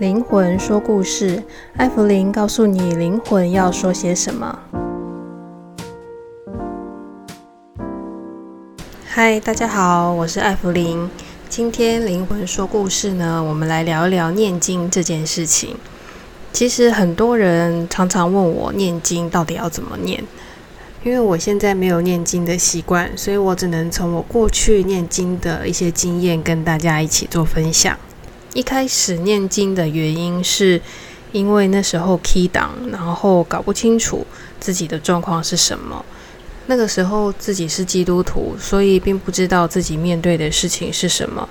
靈魂說故事，艾芙靈告訴你靈魂要說些什麼。嗨，大家好，我是艾芙靈。今天靈魂說故事呢，我們來聊一聊唸經這件事情。其實很多人常常問我唸經到底要怎麼念，因為我現在沒有唸經的習慣，所以我只能從我過去唸經的一些經驗跟大家一起做分享。一開始念經的原因是，因為那時候起乩，然後搞不清楚自己的狀況是什麼。那個時候自己是基督徒，所以並不知道自己面對的事情是什麼。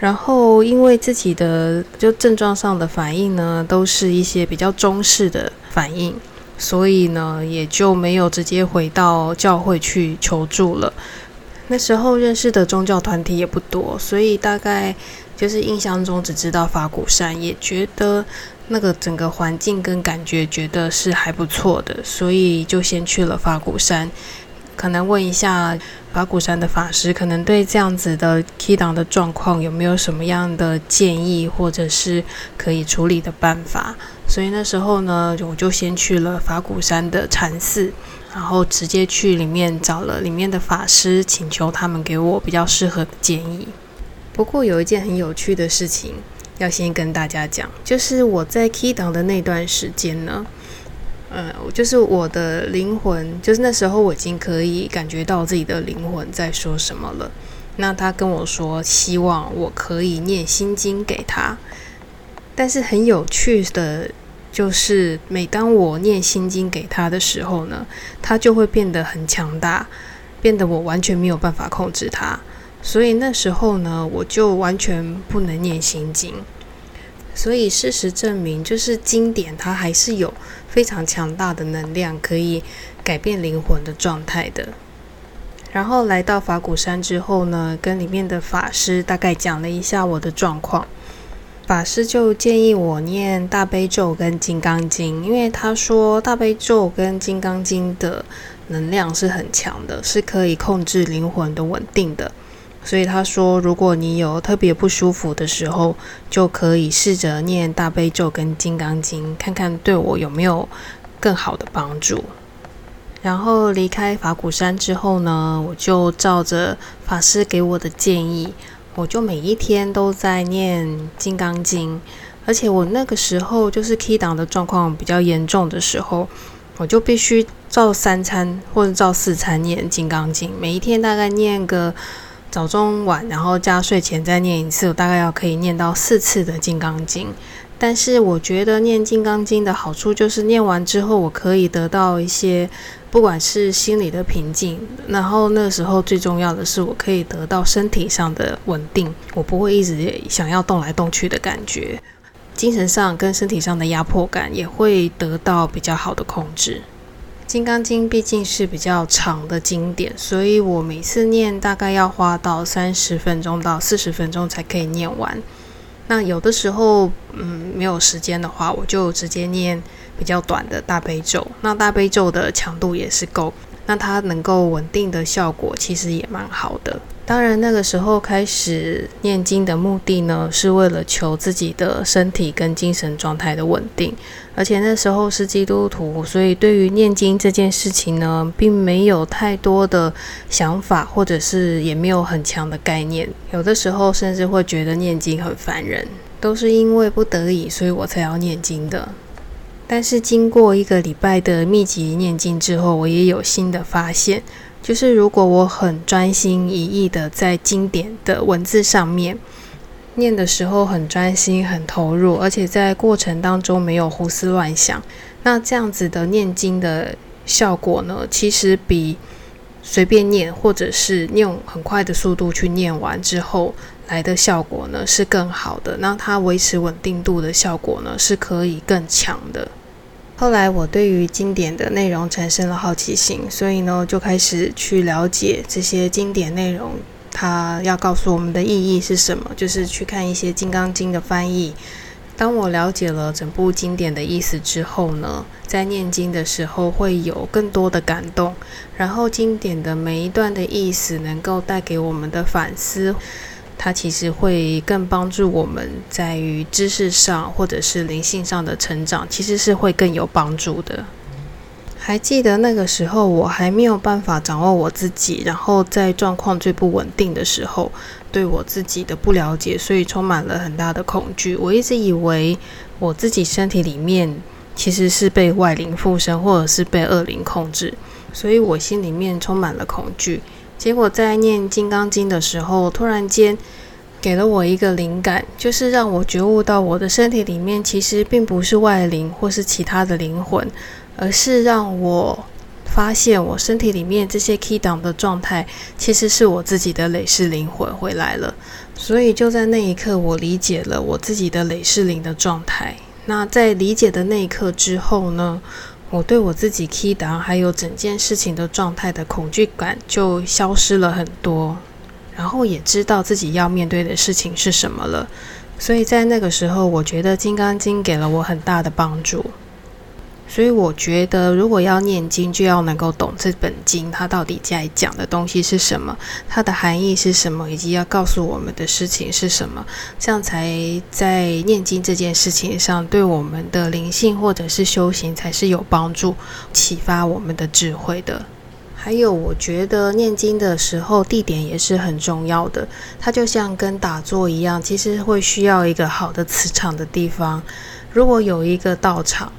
然後因為自己的就症狀上的反應呢，都是一些比較中式的反應，所以呢，也就沒有直接回到教會去求助了。那時候認識的宗教團體也不多，所以大概。就是印象中只知道法鼓山，也覺得那個整個環境跟感覺覺得是還不錯的，所以就先去了法鼓山。可能問一下法鼓山的法師，可能對這樣子的 key down 的狀況有沒有什麼樣的建議，或者是可以處理的辦法。所以那時候呢，我就先去了法鼓山的禪寺，然後直接去裡面找了裡面的法師，請求他們給我比較適合的建議。不過有一件很有趣的事情要先跟大家講，就是我在起乩的那段時間呢，呃，就是我的靈魂，就是那時候我已經可以感覺到自己的靈魂在說什麼了。那他跟我說，希望我可以念心經給他。但是很有趣的就是，每當我念心經給他的時候呢，他就會變得很強大，變得我完全沒有辦法控制他。所以那時候呢，我就完全不能念心經。所以事實證明，就是經典它還是有非常強大的能量，可以改變靈魂的狀態的。然後來到法鼓山之後呢，跟裡面的法師大概講了一下我的狀況，法師就建議我念大悲咒跟金剛經，因為他說大悲咒跟金剛經的能量是很強的，是可以控制靈魂的穩定的。所以他說，如果你有特別不舒服的時候，就可以試着念大悲咒跟金剛經，看看對我有沒有更好的幫助。然後離開法鼓山之後呢，我就照着法師給我的建議，我就每一天都在念金剛經。而且我那個時候就是起乩的狀況比較嚴重的時候，我就必須照三餐或者照四餐念金剛經，每一天大概念個。早中晚，然後加睡前再念一次，我大概要可以念到四次的《金剛經》。但是我覺得念《金剛經》的好處就是，念完之後我可以得到一些，不管是心理的平靜，然後那時候最重要的是，我可以得到身體上的穩定，我不會一直想要動來動去的感覺，精神上跟身體上的壓迫感也會得到比較好的控制。《金剛經》畢竟是比較長的經典，所以我每次念大概要花到三十分鐘到四十分鐘才可以念完。那有的時候，嗯，沒有時間的話，我就直接念比較短的大悲咒。那大悲咒的強度也是夠。那它能夠穩定的效果其實也蠻好的。當然，那個時候開始念經的目的呢，是為了求自己的身體跟精神狀態的穩定。而且那時候是基督徒，所以對於念經這件事情呢，並沒有太多的想法，或者是也沒有很強的概念。有的時候甚至會覺得念經很煩人，都是因為不得已，所以我才要念經的。但是經過一個禮拜的密集念經之後，我也有新的發現，就是如果我很專心一意的在經典的文字上面念的時候，很專心、很投入，而且在過程當中沒有胡思亂想，那這樣子的念經的效果呢，其實比隨便念或者是用很快的速度去念完之後來的效果呢，是更好的。那它維持穩定度的效果呢，是可以更強的。後來，我對於經典的內容產生了好奇心，所以呢，就開始去了解這些經典內容，它要告訴我們的意義是什麼。就是去看一些《金剛經》的翻譯。當我了解了整部經典的意思之後呢，在念經的時候會有更多的感動。然後，經典的每一段的意思能夠帶給我們的反思。它其實會更幫助我們，在於知識上或者是靈性上的成長，其實是會更有幫助的。還記得那個時候，我還沒有辦法掌握我自己，然後在狀況最不穩定的時候，對我自己的不了解，所以充滿了很大的恐懼。我一直以為我自己身體裡面其實是被外靈附身，或者是被惡靈控制，所以我心裡面充滿了恐懼。結果在念《金剛經》的時候，突然間給了我一個靈感，就是讓我覺悟到我的身體裡面其實並不是外靈或是其他的靈魂，而是讓我發現我身體裡面這些 key down 的狀態，其實是我自己的累世靈魂回來了。所以就在那一刻，我理解了我自己的累世靈的狀態。那在理解的那一刻之後呢，我對我自己起乩，還有整件事情的狀態的恐懼感就消失了很多，然後也知道自己要面對的事情是什麼了，所以在那個時候，我覺得《金剛經》給了我很大的幫助。所以我覺得，如果要唸經，就要能夠懂這本經，它到底在講的東西是什麼，它的含義是什麼，以及要告訴我們的事情是什麼，這樣才在唸經這件事情上，對我們的靈性或者是修行才是有幫助、啟發我們的智慧的。還有，我覺得唸經的時候地點也是很重要的，它就像跟打坐一樣，其實會需要一個好的磁場的地方。如果有一個道場，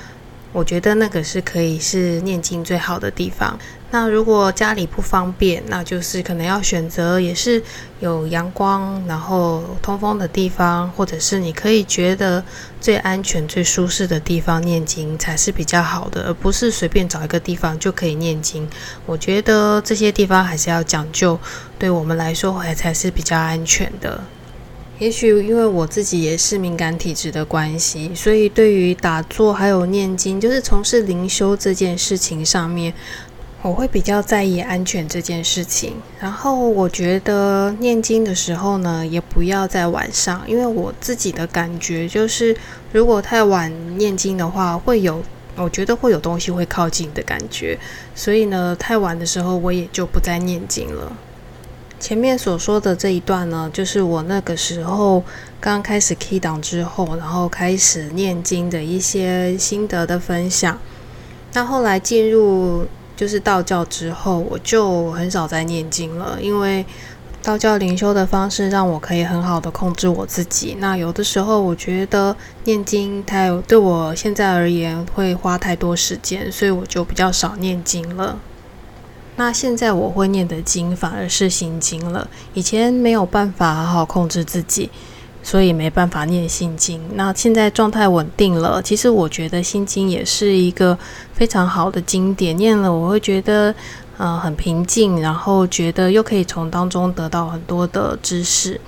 我覺得那個是可以是念經最好的地方。那如果家裡不方便，那就是可能要選擇也是有陽光，然後通風的地方，或者是你可以覺得最安全、最舒適的地方念經才是比較好的，而不是隨便找一個地方就可以念經。我覺得這些地方還是要講究，對我們來說還才是比較安全的。也許因為我自己也是敏感體質的關係，所以對於打坐還有念經，就是從事靈修這件事情上面，我會比較在意安全這件事情。然後我覺得念經的時候呢，也不要在晚上，因為我自己的感覺就是，如果太晚念經的話，會有，我覺得會有東西會靠近的感覺，所以呢，太晚的時候我也就不再念經了。前面所說的這一段呢，就是我那個時候剛開始 key 檔之後，然後開始念經的一些心得的分享。那後來進入就是道教之後，我就很少再念經了，因為道教靈修的方式讓我可以很好的控制我自己。那有的時候我覺得念經太，對我現在而言會花太多時間，所以我就比較少念經了。那現在我會念的經反而是心經了，以前沒有辦法好好控制自己，所以沒辦法念心經。那現在狀態穩定了，其實我覺得心經也是一個非常好的經典，念了我會覺得，嗯，呃，很平靜，然後覺得又可以從當中得到很多的知識。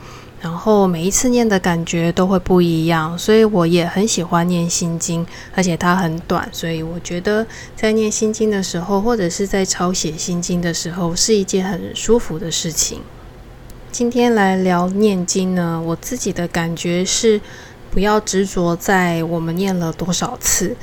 然後每一次念的感覺都會不一樣，所以我也很喜歡念心經，而且它很短，所以我覺得在念心經的時候，或者是在抄寫心經的時候，是一件很舒服的事情。今天來聊念經呢，我自己的感覺是不要執着在我們念了多少次，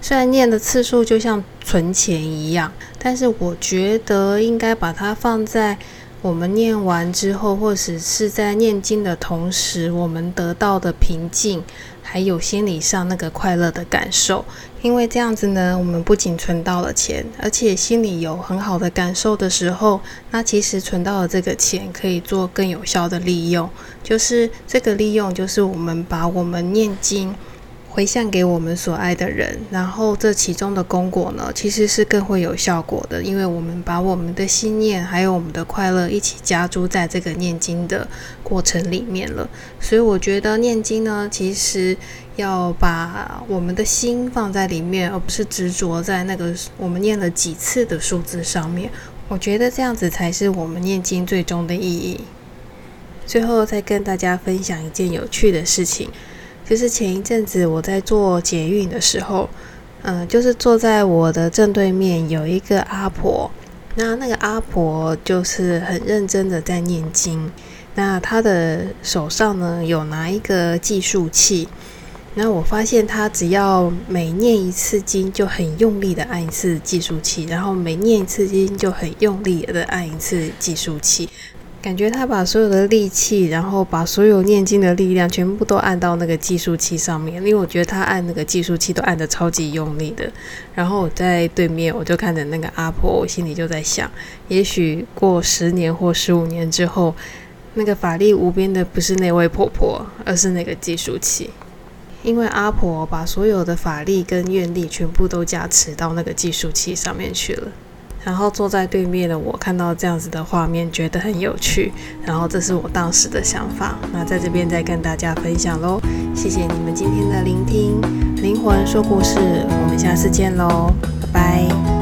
雖然念的次數就像存錢一樣，但是我覺得應該把它放在。我們念完之後，或者是在念經的同時，我們得到的平靜，還有心理上那個快樂的感受。因為這樣子呢，我們不僅存到了錢，而且心裡有很好的感受的時候，那其實存到了這個錢可以做更有效的利用。就是這個利用，就是我們把我們念經。迴向給我們所愛的人，然後這其中的功果呢，其實是更會有效果的，因為我們把我們的心念還有我們的快樂一起加諸在這個念經的過程裡面了。所以我覺得念經呢，其實要把我們的心放在裡面，而不是執着在那個我們念了幾次的數字上面。我覺得這樣子才是我們念經最終的意義。最後再跟大家分享一件有趣的事情。就是前一陣子我在坐捷運的時候，嗯，就是坐在我的正對面有一個阿婆，那那個阿婆就是很認真的在念經，那她的手上呢，有拿一個計數器，那我發現她只要每念一次經就很用力的按一次計數器，然後每念一次經就很用力的按一次計數器。感覺他把所有的力氣，然後把所有念經的力量全部都按到那個計數器上面，因為我覺得他按那個計數器都按得超級用力的。然後我在對面，我就看着那個阿婆，我心裡就在想，也許過十年或十五年之後，那個法力無邊的不是那位婆婆，而是那個計數器，因為阿婆把所有的法力跟願力全部都加持到那個計數器上面去了。然後坐在對面的我看到這樣子的畫面，覺得很有趣。然後這是我當時的想法。那在這邊再跟大家分享嘍，謝謝你們今天的聆聽，靈魂說故事，我們下次見嘍，拜拜。